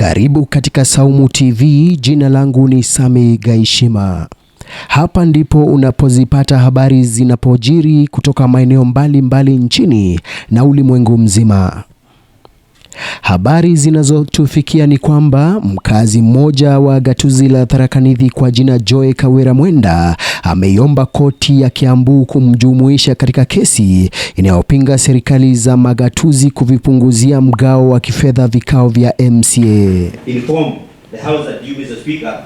Karibu katika Saumu TV. Jina langu ni Sami Gaishima. Hapa ndipo unapozipata habari zinapojiri kutoka maeneo mbalimbali nchini na ulimwengu mzima. Habari zinazotufikia ni kwamba mkazi mmoja wa gatuzi la tharakanithi kwa jina joe Kawira Mwenda ameiomba koti ya Kiambu kumjumuisha katika kesi inayopinga serikali za magatuzi kuvipunguzia mgao wa kifedha vikao vya MCA. Inform the House that you, Mr. Speaker,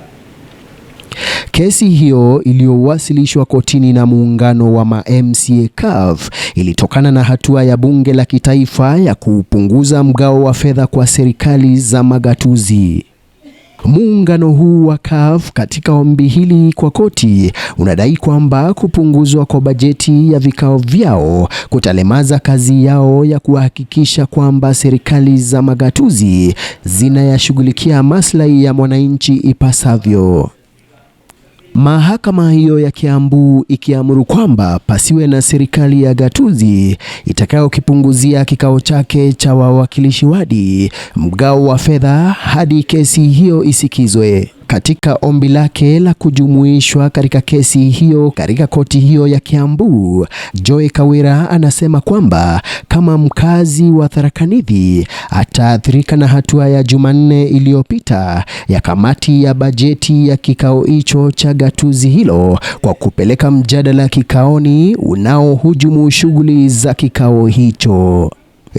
Kesi hiyo iliyowasilishwa kotini na muungano wa ma-MCA CUF ilitokana na hatua ya bunge la kitaifa ya kuupunguza mgao wa fedha kwa serikali za magatuzi. Muungano huu wa caf katika ombi hili kwa koti unadai kwamba kupunguzwa kwa bajeti ya vikao vyao kutalemaza kazi yao ya kuhakikisha kwamba serikali za magatuzi zinayashughulikia maslahi ya mwananchi ipasavyo. Mahakama hiyo ya Kiambu ikiamuru kwamba pasiwe na serikali ya gatuzi itakayokipunguzia kikao chake cha wawakilishi wadi mgao wa fedha hadi kesi hiyo isikizwe katika ombi lake la kujumuishwa katika kesi hiyo katika koti hiyo ya Kiambu, Joy Kawira anasema kwamba kama mkazi wa Tharaka Nithi ataathirika na hatua ya Jumanne iliyopita ya kamati ya bajeti ya kikao hicho cha gatuzi hilo kwa kupeleka mjadala kikaoni unaohujumu shughuli za kikao hicho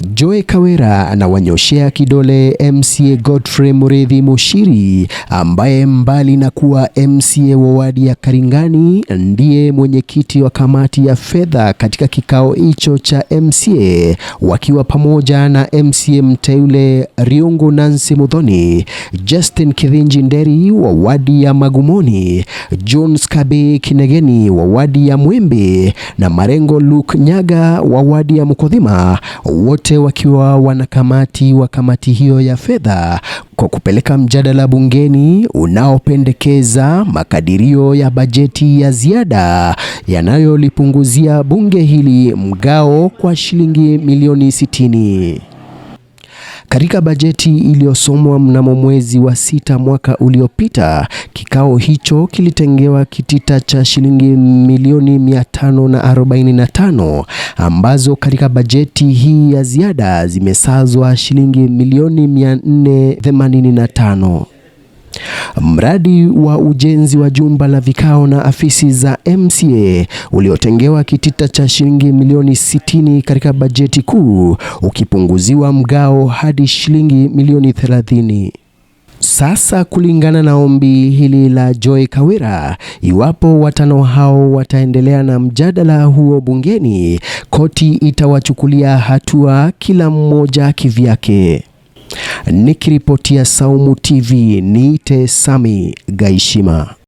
joe Kawera anawanyoshea kidole MCA Godfrey Muridhi Mushiri ambaye mbali na kuwa MCA wa wadi ya Karingani ndiye mwenyekiti wa kamati ya fedha katika kikao hicho cha MCA wakiwa pamoja na MCA mteule Riungu Nancy Muthoni, Justin Kithinji Nderi wa wadi ya Magumoni, John Skabe Kinegeni wa wadi ya Mwembe na Marengo Luke Nyaga wa wadi ya Mkodhima wote wote wakiwa wanakamati wa kamati hiyo ya fedha kwa kupeleka mjadala bungeni unaopendekeza makadirio ya bajeti ya ziada yanayolipunguzia bunge hili mgao kwa shilingi milioni sitini. Katika bajeti iliyosomwa mnamo mwezi wa sita mwaka uliopita, kikao hicho kilitengewa kitita cha shilingi milioni 545 ambazo katika bajeti hii ya ziada zimesazwa shilingi milioni 485. Mradi wa ujenzi wa jumba la vikao na afisi za MCA uliotengewa kitita cha shilingi milioni 60 katika bajeti kuu ukipunguziwa mgao hadi shilingi milioni thelathini. Sasa kulingana na ombi hili la Joy Kawira, iwapo watano hao wataendelea na mjadala huo bungeni, koti itawachukulia hatua kila mmoja kivyake. Nikiripotia Saumu TV niite Sami Gaishima.